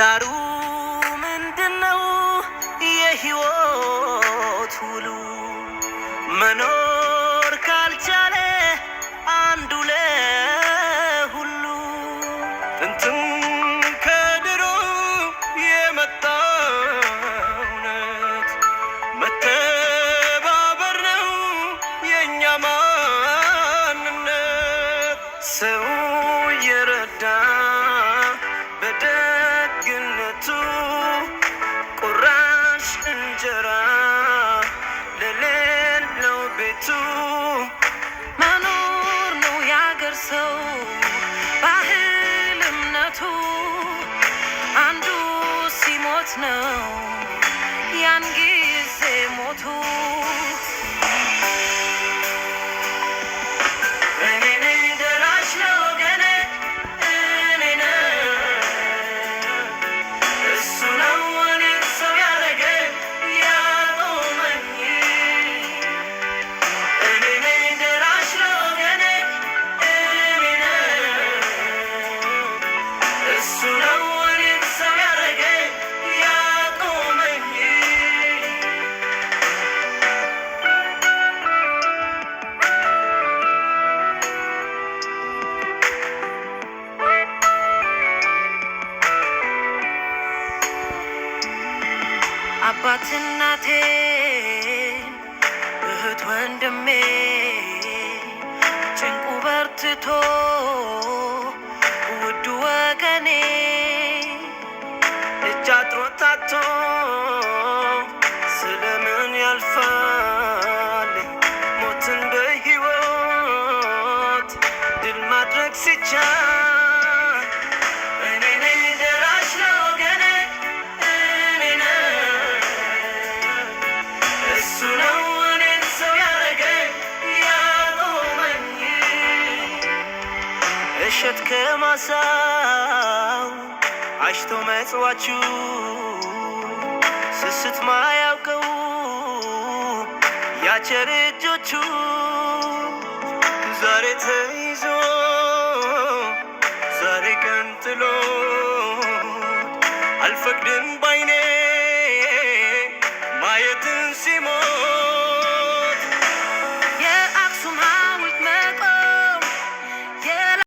ዳሩ ምንድነው? የህይወት ውሉ መኖር ካልቻለ አንዱ ለሁሉ ጥንትም ከድሮ የመጣ እውነት መተባበር ነው የእኛ ማንነት ሰው የረዳ በደ እንጀራ ለሌል ቤቱ መኖር ነው ያገር ሰው ባህል እምነቱ አንዱ ሲሞት ነው ያን ጊዜ ሞቱ አባት እናቴን እህት ወንድሜ ጭንቁ በርትቶ አጥሮት ታቶ ስለምን ያልፋል ሞትን በህይወት ድል ማድረግ ሲቻል እኔ ነኝ እሸት ከማሳው አሽቶ መጽዋችሁ ስስት ማያውቀው ያቸር እጆቹ ዛሬ ተይዞ ዛሬ ቀንጥሎ